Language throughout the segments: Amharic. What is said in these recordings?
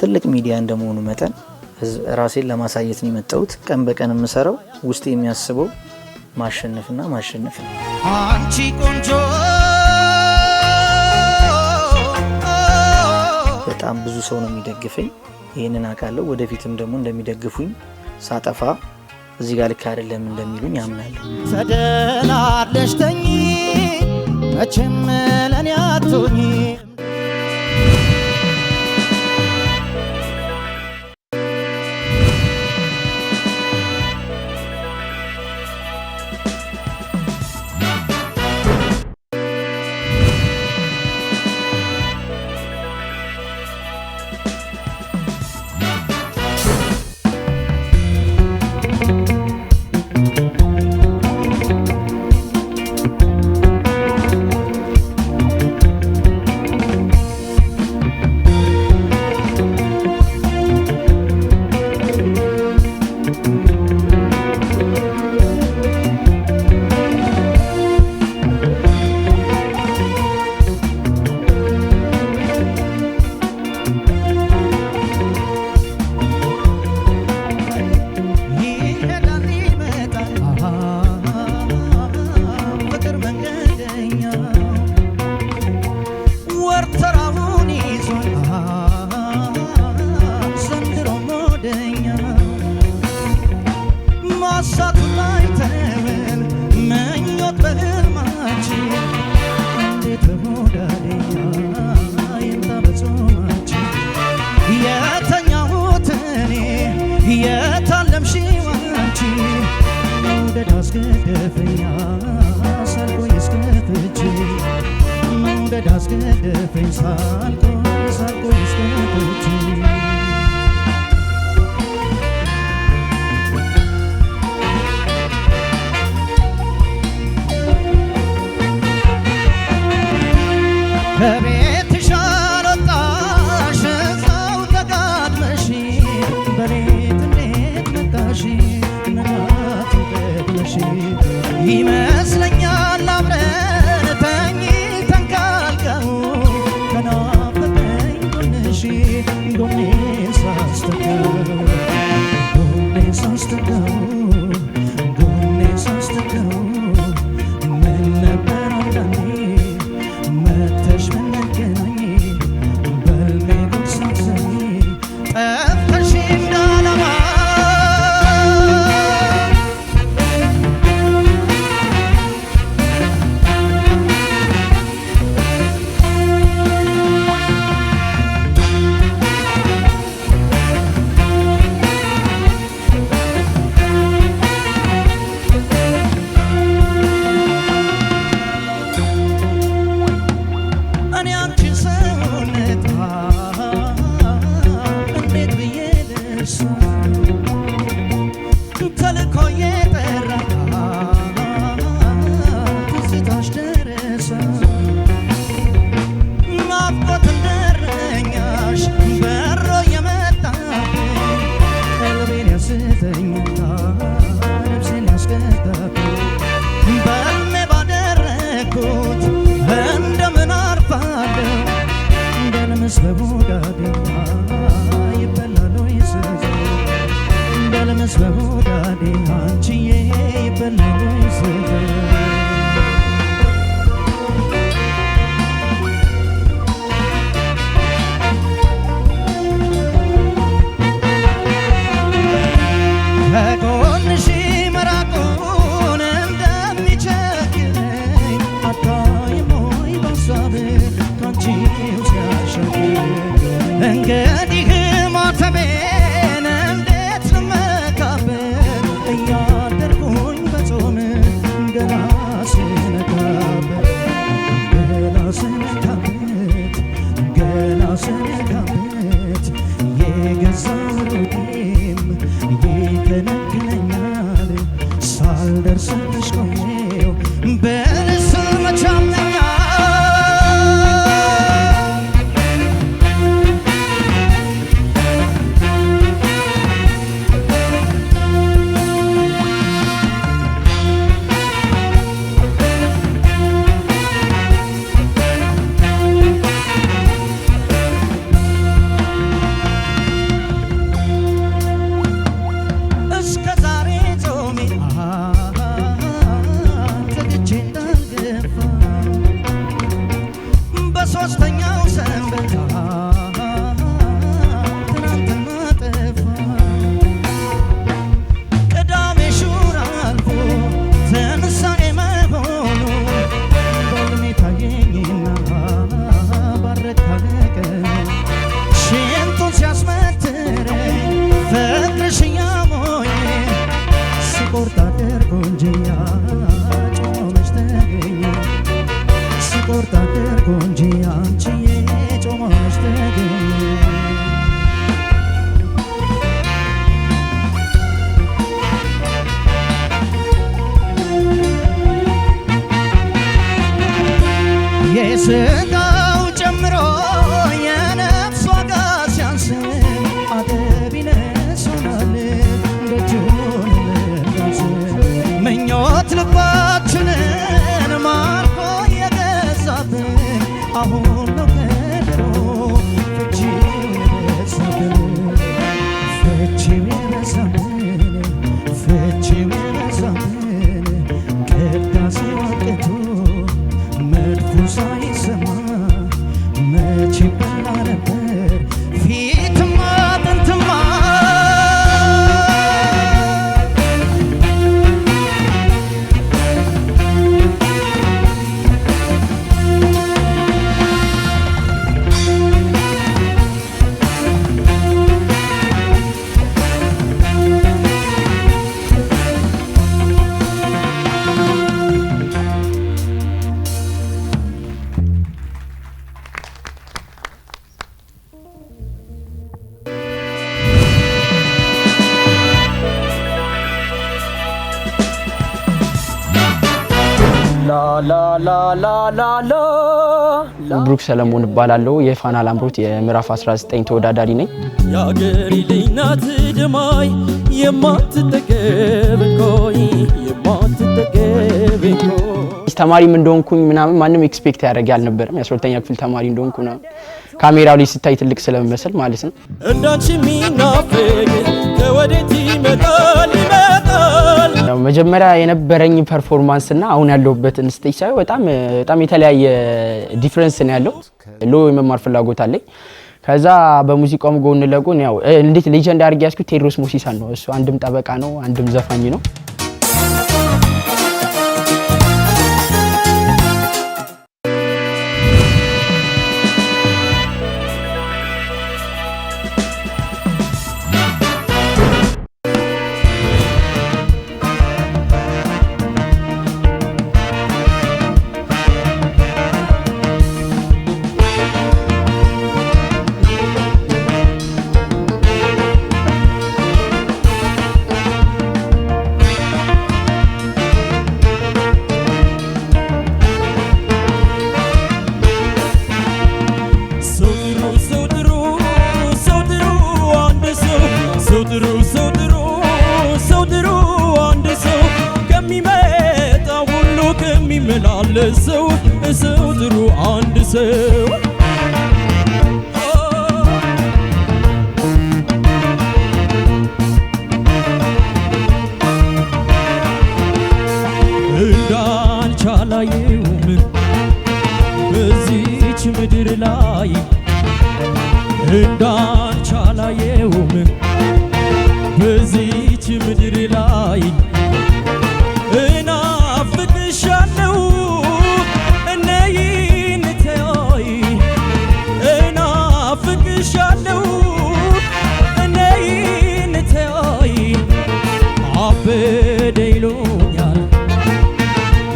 ትልቅ ሚዲያ እንደመሆኑ መጠን ራሴን ለማሳየት ነው የመጣሁት። ቀን በቀን የምሰራው ውስጥ የሚያስበው ማሸነፍና ማሸነፍ ነው። አንቺ ቆንጆ በጣም ብዙ ሰው ነው የሚደግፈኝ። ይህንን አውቃለሁ። ወደፊትም ደግሞ እንደሚደግፉኝ ሳጠፋ እዚህ ጋር ልክ አይደለም እንደሚሉኝ አምናለሁ። ተደናለሽተኝ መቼም ለኔ አትሆኝም ደፈኝ ሳልቆይ ሳልቆይ መንገድ porta vergonha ብሩክ ሰለሞን እባላለሁ። የፋና ላምሮት የምዕራፍ 19 ተወዳዳሪ ነኝ። የአገሬ ልጅ ናት የማትጠገብ እንኮይ የማትጠገብ ተማሪም እንደሆንኩኝ ምናምን ማንም ኤክስፔክት ያደረገ አልነበረም። የአስራሁለተኛ ክፍል ተማሪ እንደሆንኩ ምናምን ካሜራው ላይ ስታይ ትልቅ ስለመመሰል ማለት ነው። እንዳንቺ የሚናፍቅ ከወዴት ይመጣል መጀመሪያ የነበረኝ ፐርፎርማንስ እና አሁን ያለሁበት ስቴጅ ሳይ በጣም በጣም የተለያየ ዲፍረንስ ነው ያለው። ሎ የመማር ፍላጎት አለኝ። ከዛ በሙዚቃውም ጎን ለጎን ያው እንዴት ሌጀንድ አድርጌ ያስኩት ቴድሮስ ሞሲሳን ነው። እሱ አንድም ጠበቃ ነው፣ አንድም ዘፋኝ ነው። የሚመላለስ ሰው እሰው ጥሩ አንድ ሰው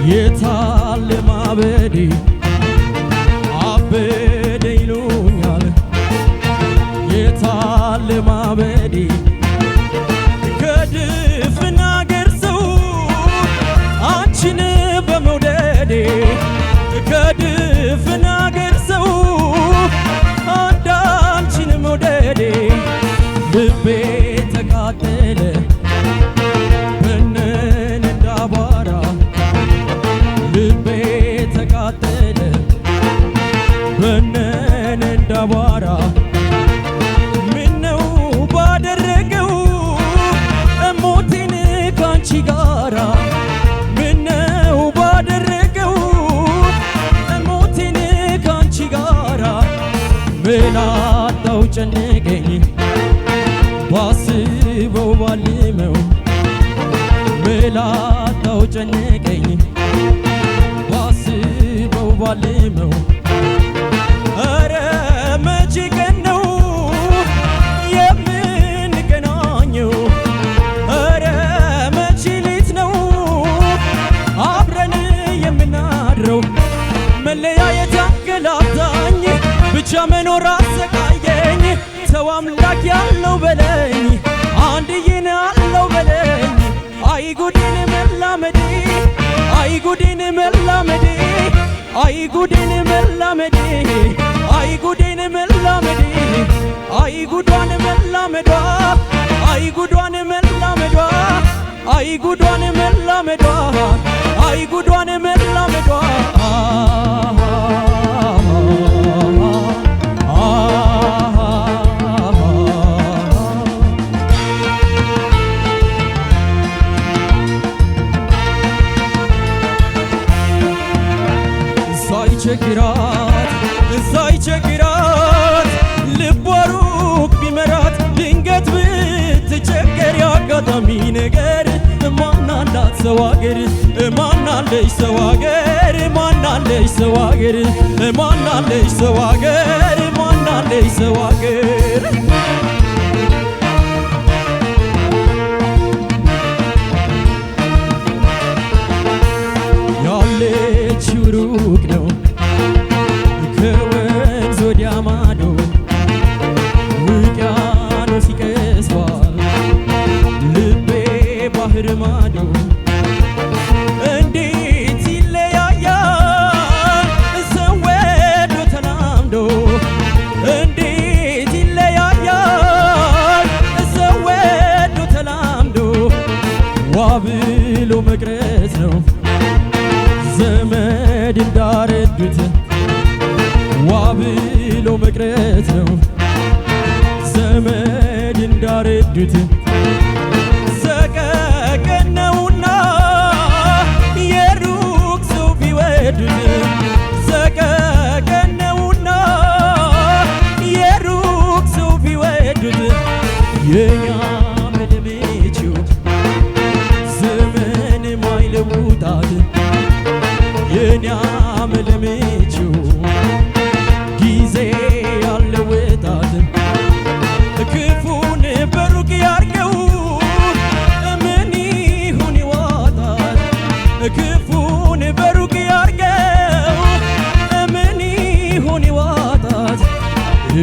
የታለ ማበዴ አስጨነቀኝ ባስበው ባልመው መላጣው ጨነቀኝ ባስበው ባልመው ሰው አምላክ ያለው በለኝ አንድዬን አለው በለኝ አይጉዴን መላመዴ አይጉዴን መላመዴ አይጉዴን መላመዴ አይጉዴን መላመዴ አይጉዷን መላመዷ አይጉዷን መላመዷ አይጉዷን መላመዷ አይጉዷን መላመዷ Ah አዳሚ ነገር ማናላት ሰዋገር ማናለሽ ሰዋገር ማናለሽ ሰዋገር ማናለሽ ሰዋገር ሰው። ሰዋገር መቅረት ነው ዘመድ እንዳረዱት ዋ ብሎ መቅረት ነው ዘመድ እንዳረዱት ሰቀቀን ነውና የሩቅ ሰው ቢወዱት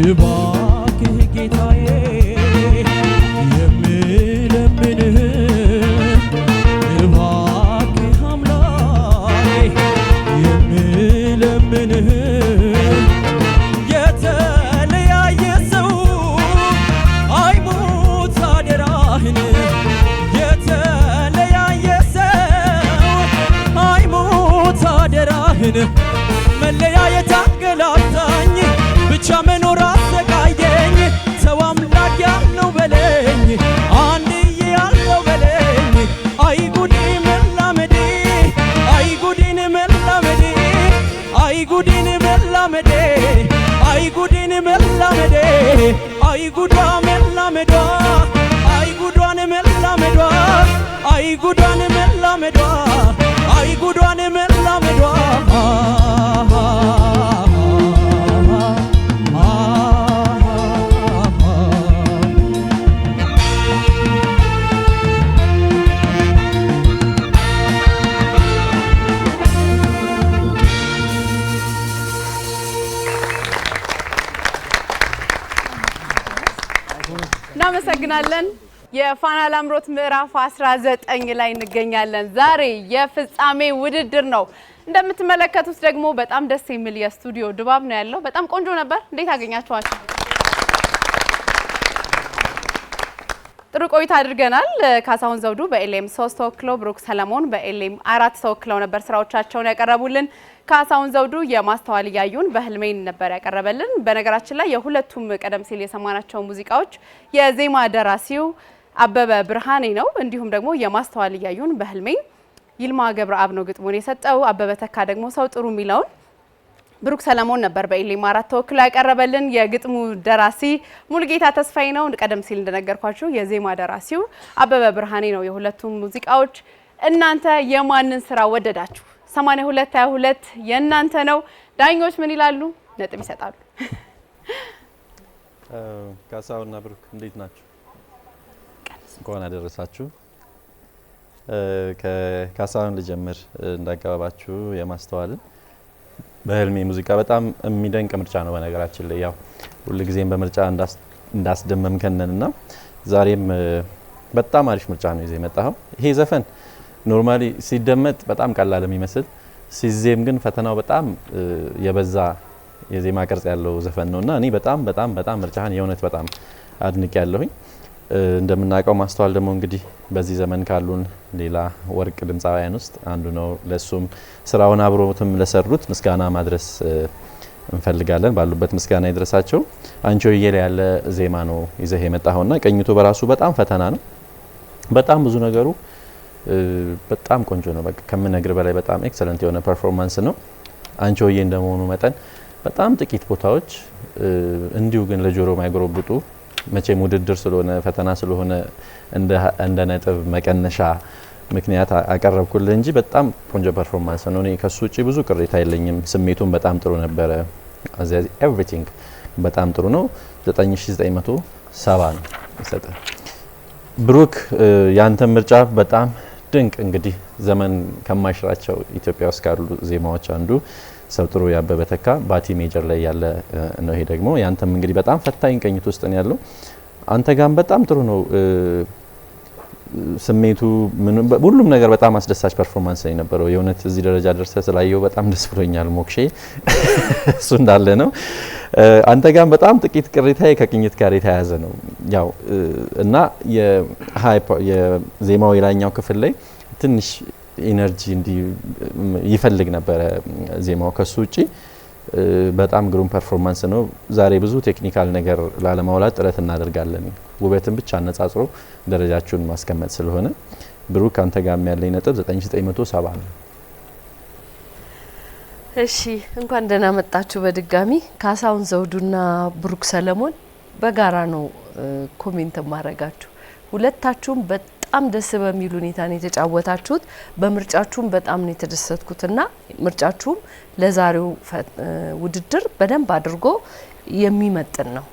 de bom. አይጉዴን መላመዴ አይጉዷ መላመዷ አይጉዷን መላመዷ አይጉዷን መላ የፋና ላምሮት ምዕራፍ 19 ላይ እንገኛለን። ዛሬ የፍጻሜ ውድድር ነው። እንደምትመለከቱት ደግሞ በጣም ደስ የሚል የስቱዲዮ ድባብ ነው ያለው። በጣም ቆንጆ ነበር። እንዴት አገኛችኋቸው? ጥሩ ቆይታ አድርገናል። ካሳሁን ዘውዱ በኤሌም ሶስት ተወክሎ፣ ብሩክ ሰለሞን በኤሌም 4 ተወክለው ነበር ስራዎቻቸውን ያቀረቡልን። ካሳሁን ዘውዱ የማስተዋል እያዩን በህልሜን ነበር ያቀረበልን። በነገራችን ላይ የሁለቱም ቀደም ሲል የሰማናቸው ሙዚቃዎች የዜማ ደራሲው አበበ ብርሃኔ ነው። እንዲሁም ደግሞ የማስተዋል እያዩን በህልሜ ይልማ ገብረአብ ነው ግጥሙን የሰጠው። አበበ ተካ ደግሞ ሰው ጥሩ የሚለውን ብሩክ ሰለሞን ነበር በኢሌማ አራት ተወክሎ ያቀረበልን። የግጥሙ ደራሲ ሙልጌታ ተስፋዬ ነው። ቀደም ሲል እንደነገርኳችሁ የዜማ ደራሲው አበበ ብርሃኔ ነው። የሁለቱም ሙዚቃዎች እናንተ የማንን ስራ ወደዳችሁ? 82 22 የእናንተ ነው። ዳኞች ምን ይላሉ? ነጥብ ይሰጣሉ። ካሳውና ብሩክ እንዴት ናቸው? እንኳን አደረሳችሁ። ከካሳሁን ልጀምር እንዳገባባችሁ የማስተዋልን በህልሜ ሙዚቃ በጣም የሚደንቅ ምርጫ ነው። በነገራችን ላይ ያው ሁልጊዜም በምርጫ እንዳስደመምከነን እና ዛሬም በጣም አሪፍ ምርጫ ነው ይዘህ የመጣኸው። ይሄ ዘፈን ኖርማሊ ሲደመጥ በጣም ቀላል የሚመስል ሲዜም ግን ፈተናው በጣም የበዛ የዜማ ቅርጽ ያለው ዘፈን ነው እና እኔ በጣም በጣም በጣም ምርጫህን የእውነት በጣም አድንቅ ያለሁኝ። እንደምናውቀው ማስተዋል ደግሞ እንግዲህ በዚህ ዘመን ካሉን ሌላ ወርቅ ድምፃውያን ውስጥ አንዱ ነው። ለሱም ስራውን አብሮትም ለሰሩት ምስጋና ማድረስ እንፈልጋለን። ባሉበት ምስጋና ይድረሳቸው። አንቺ ሆዬ ያለ ዜማ ነው ይዘህ የመጣኸውና ቀኝቱ በራሱ በጣም ፈተና ነው። በጣም ብዙ ነገሩ በጣም ቆንጆ ነው። በቃ ከምነግር በላይ በጣም ኤክሰለንት የሆነ ፐርፎርማንስ ነው። አንቺ ሆዬ እንደመሆኑ መጠን በጣም ጥቂት ቦታዎች እንዲሁ ግን ለጆሮ ማይጎረብጡ መቼም ውድድር ስለሆነ ፈተና ስለሆነ እንደ ነጥብ መቀነሻ ምክንያት አቀረብኩልህ እንጂ በጣም ቆንጆ ፐርፎርማንስ ነው። እኔ ከሱ ውጭ ብዙ ቅሬታ የለኝም። ስሜቱን በጣም ጥሩ ነበረ። ኤቭሪቲንግ በጣም ጥሩ ነው። 9970 ነው ይሰጠ። ብሩክ ያንተ ምርጫ በጣም ድንቅ እንግዲህ ዘመን ከማይሽራቸው ኢትዮጵያ ውስጥ ካሉ ዜማዎች አንዱ ሰው ጥሩ ያበበ ተካ ባቲ ሜጀር ላይ ያለ ነው። ይሄ ደግሞ ያንተም እንግዲህ በጣም ፈታኝ ቅኝት ውስጥ ነው ያለው። አንተ ጋም በጣም ጥሩ ነው ስሜቱ፣ ሁሉም ነገር በጣም አስደሳች ፐርፎርማንስ ነው የነበረው። የእውነት እዚህ ደረጃ ደርሰ ስላየው በጣም ደስ ብሎኛል። ሞክሼ እሱ እንዳለ ነው። አንተ ጋም በጣም ጥቂት ቅሬታ ከቅኝት ጋር የተያያዘ ነው ያው እና የዜማው የላይኛው ክፍል ላይ ትንሽ ኢነርጂ እንዲ ይፈልግ ነበረ ዜማው። ከሱ ውጪ በጣም ግሩም ፐርፎርማንስ ነው። ዛሬ ብዙ ቴክኒካል ነገር ላለማውላት ጥረት እናደርጋለን። ውበትን ብቻ አነጻጽሮ ደረጃችሁን ማስቀመጥ ስለሆነ ብሩክ ካንተ ጋር ያለኝ ነጥብ 9970 ነው። እሺ እንኳን ደህና መጣችሁ በድጋሚ ካሳሁን ዘውዱና ብሩክ ሰለሞን በጋራ ነው ኮሜንት ማረጋችሁ ሁለታችሁም በጣም ደስ በሚል ሁኔታ ነው የተጫወታችሁት። በምርጫችሁም በጣም ነው የተደሰትኩትና ምርጫችሁም ለዛሬው ውድድር በደንብ አድርጎ የሚመጥን ነው።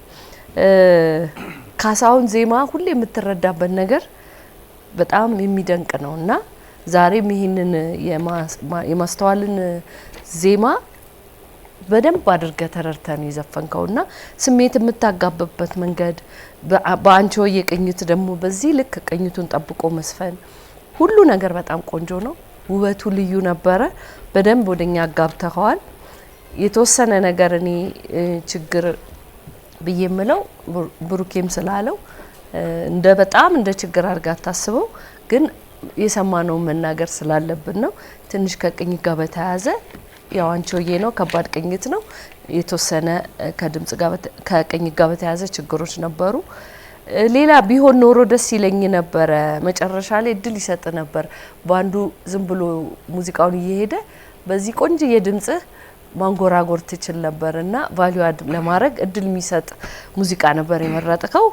ካሳሁን ዜማ ሁሌ የምትረዳበት ነገር በጣም የሚደንቅ ነው እና ዛሬም ይህንን የማስተዋልን ዜማ በደንብ አድርገ ተረድተን የዘፈንከው እና ስሜት የምታጋብበት መንገድ በአንቺሆዬ ቅኝት ደግሞ በዚህ ልክ ቅኝቱን ጠብቆ መስፈን ሁሉ ነገር በጣም ቆንጆ ነው። ውበቱ ልዩ ነበረ። በደንብ ወደኛ አጋብተኸዋል። የተወሰነ ነገር እኔ ችግር ብዬ የምለው ብሩኬም ስላለው እንደ በጣም እንደ ችግር አድርጋ አታስበው፣ ግን የሰማነውን መናገር ስላለብን ነው። ትንሽ ከቅኝ ጋር በተያያዘ ያው አንቺሆዬ ነው። ከባድ ቅኝት ነው። የተወሰነ ከድምጽ ጋር ከቅኝት ጋር በተያያዘ ችግሮች ነበሩ። ሌላ ቢሆን ኖሮ ደስ ይለኝ ነበረ። መጨረሻ ላይ እድል ይሰጥ ነበር። በአንዱ ዝም ብሎ ሙዚቃውን እየሄደ በዚህ ቆንጆ የድምጽ ማንጎራጎር ትችል ነበር እና ቫሊዩ አድ ለማድረግ እድል የሚሰጥ ሙዚቃ ነበር የመረጥከው።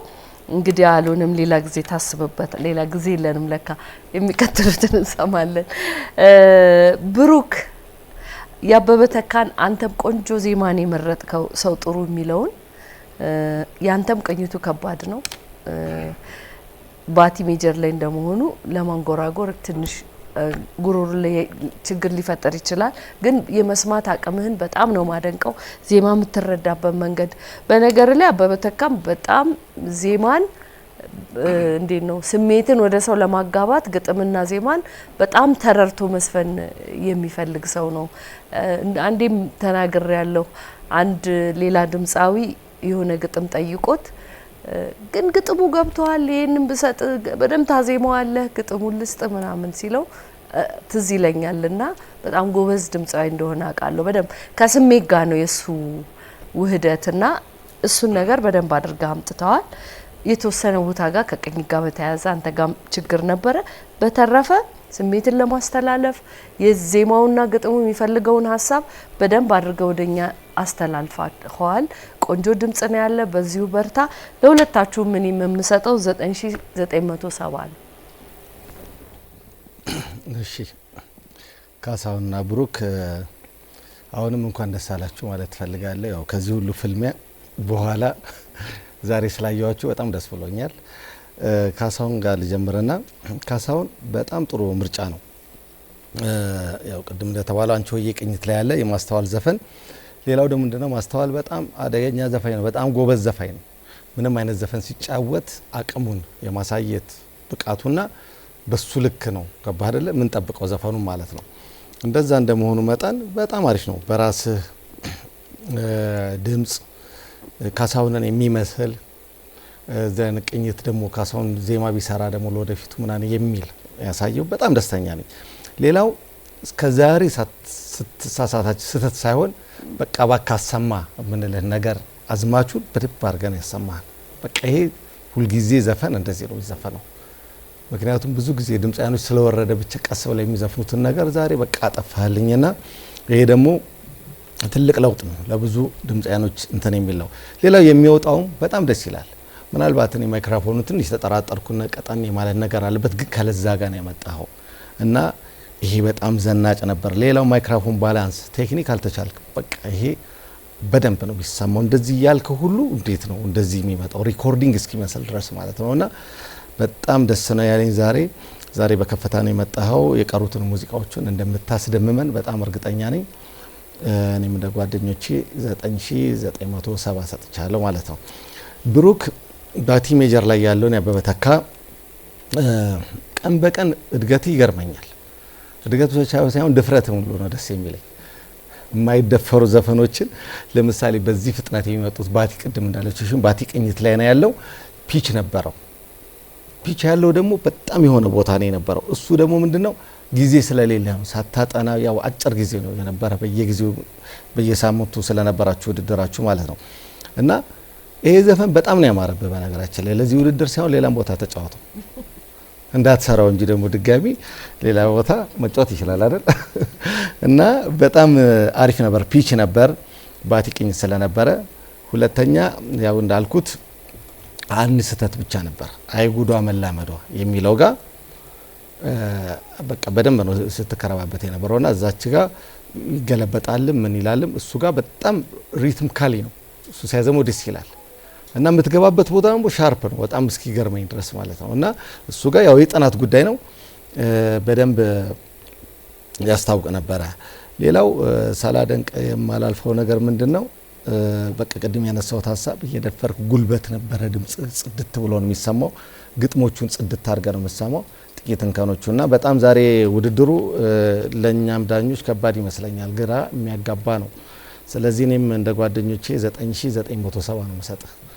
እንግዲህ አልሆንም፣ ሌላ ጊዜ ታስብበት። ሌላ ጊዜ የለንም ለካ። የሚቀጥሉትን እንሰማለን። ብሩክ የአበበ ተካን አንተም ቆንጆ ዜማን የመረጥከው ሰው ጥሩ የሚለውን ያንተም ቅኝቱ ከባድ ነው። ባቲ ሜጀር ላይ እንደመሆኑ ለማንጎራጎር ትንሽ ጉሮሮ ላይ ችግር ሊፈጠር ይችላል። ግን የመስማት አቅምህን በጣም ነው ማደንቀው። ዜማ የምትረዳበት መንገድ በነገር ላይ አበበ ተካም በጣም ዜማን እንዴት ነው ስሜትን ወደ ሰው ለማጋባት ግጥምና ዜማን በጣም ተረርቶ መስፈን የሚፈልግ ሰው ነው። አንዴም ተናግሬ ያለሁ አንድ ሌላ ድምፃዊ የሆነ ግጥም ጠይቆት ግን ግጥሙ ገብቷል። ይህንም ብሰጥ በደንብ ታዜመዋለህ፣ ግጥሙን ልስጥ ምናምን ሲለው ትዝ ይለኛል። እና በጣም ጎበዝ ድምፃዊ እንደሆነ አውቃለሁ። በደንብ ከስሜት ጋር ነው የእሱ ውህደትና እሱን ነገር በደንብ አድርገህ አምጥተዋል። የተወሰነ ቦታ ጋር ከቅኝ ጋር በተያያዘ አንተ ጋር ችግር ነበረ። በተረፈ ስሜትን ለማስተላለፍ የዜማውና ግጥሙ የሚፈልገውን ሀሳብ በደንብ አድርገው ወደኛ አስተላልፈዋል። ቆንጆ ድምጽ ነው ያለ። በዚሁ በርታ። ለሁለታችሁ ምን የምሰጠው 9970 ነው። እሺ ካሳሁንና ብሩክ አሁንም እንኳን ደስ አላችሁ ማለት ፈልጋለሁ። ያው ከዚህ ሁሉ ፍልሚያ በኋላ ዛሬ ስላየዋችሁ በጣም ደስ ብሎኛል። ካሳሁን ጋር ልጀምርና ካሳሁን በጣም ጥሩ ምርጫ ነው። ያው ቅድም እንደተባለው አንቺ ሆዬ ቅኝት ላይ ያለ የማስተዋል ዘፈን፣ ሌላው ደግሞ ምንድነው ማስተዋል በጣም አደገኛ ዘፋኝ ነው። በጣም ጎበዝ ዘፋኝ ነው። ምንም አይነት ዘፈን ሲጫወት አቅሙን የማሳየት ብቃቱና በሱ ልክ ነው። ገባህ አይደለ? ምን ጠብቀው ዘፈኑ ማለት ነው። እንደዛ እንደመሆኑ መጠን በጣም አሪፍ ነው። በራስህ ድምጽ ካሳሁንን የሚመስል ዘን ቅኝት ደግሞ ካሳሁን ዜማ ቢሰራ ደግሞ ለወደፊቱ ምናን የሚል ያሳየው በጣም ደስተኛ ነኝ። ሌላው እስከዛሬ ስትሳሳታች ስህተት ሳይሆን በቃ ባካ አሰማ የምንልህ ነገር አዝማቹን በድብ አድርገን ያሰማል በቃ ይሄ ሁልጊዜ ዘፈን እንደዚህ ነው የሚዘፈነው። ምክንያቱም ብዙ ጊዜ ድምፃያኖች ስለወረደ ብቻ ቀስ ብለው የሚዘፍኑትን ነገር ዛሬ በቃ አጠፋህልኝና ይሄ ደግሞ ትልቅ ለውጥ ነው። ለብዙ ድምፃያኖች እንትን የሚል ነው። ሌላው የሚወጣውም በጣም ደስ ይላል። ምናልባት እኔ ማይክራፎኑ ትንሽ ተጠራጠርኩና ቀጠን የማለት ነገር አለበት፣ ግን ከለዛ ጋር ነው የመጣኸው እና ይሄ በጣም ዘናጭ ነበር። ሌላው ማይክራፎን ባላንስ ቴክኒክ አልተቻልክ፣ በቃ ይሄ በደንብ ነው የሚሰማው። እንደዚህ እያልክ ሁሉ እንዴት ነው እንደዚህ የሚመጣው ሪኮርዲንግ እስኪመስል ድረስ ማለት ነው እና በጣም ደስ ነው ያለኝ ዛሬ ዛሬ በከፍታ ነው የመጣኸው። የቀሩትን ሙዚቃዎችን እንደምታስደምመን በጣም እርግጠኛ ነኝ። እኔም እንደ ጓደኞቼ 9970 ሰጥቻለሁ ማለት ነው። ብሩክ ባቲ ሜጀር ላይ ያለውን ያበበ ተካ ቀን በቀን እድገት ይገርመኛል። እድገት ብቻ ሳይሆን ድፍረት ሁሉ ነው ደስ የሚለኝ። የማይደፈሩ ዘፈኖችን ለምሳሌ በዚህ ፍጥነት የሚመጡት ባቲ ቅድም እንዳለችው ባቲ ቅኝት ላይ ነው ያለው። ፒች ነበረው ፒች ያለው ደግሞ በጣም የሆነ ቦታ ነው የነበረው። እሱ ደግሞ ምንድን ነው ጊዜ ስለሌለ ነው። ሳታጠና ያው አጭር ጊዜ ነው የነበረ በየጊዜው በየሳምንቱ ስለነበራችሁ ውድድራችሁ ማለት ነው። እና ይሄ ዘፈን በጣም ነው ያማረብህ። በነገራችን ላይ ለዚህ ውድድር ሳይሆን ሌላም ቦታ ተጫወተው እንዳትሰራው እንጂ ደግሞ ድጋሚ ሌላ ቦታ መጫወት ይችላል አይደል? እና በጣም አሪፍ ነበር። ፒች ነበር ባቲቅኝ ስለነበረ፣ ሁለተኛ ያው እንዳልኩት አንድ ስህተት ብቻ ነበር አይጉዷ መላመዷ የሚለው ጋር በቃ በደንብ ነው ስትከረባበት የነበረውና እዛች ጋ ይገለበጣልም ምን ይላልም እሱ ጋር በጣም ሪትም ካሊ ነው እሱ ሲያዘመው ደስ ይላል እና የምትገባበት ቦታ ደግሞ ሻርፕ ነው በጣም ገርመኝ ድረስ ማለት ነው። እና እሱ ጋር ያው የጥናት ጉዳይ ነው በደንብ ያስታውቅ ነበረ። ሌላው ሳላደንቅ የማላልፈው ነገር ምንድን ነው በቃ ቅድም ያነሳውት ሀሳብ እየደፈርክ ጉልበት ነበረ። ድምጽ ጽድት ብሎ ነው የሚሰማው። ግጥሞቹን ጽድት አድርገ ነው የምሰማው። ጥቂት እንከኖቹና በጣም ዛሬ ውድድሩ ለእኛም ዳኞች ከባድ ይመስለኛል፣ ግራ የሚያጋባ ነው። ስለዚህ እኔም እንደ ጓደኞቼ 9970 ነው የምሰጥህ።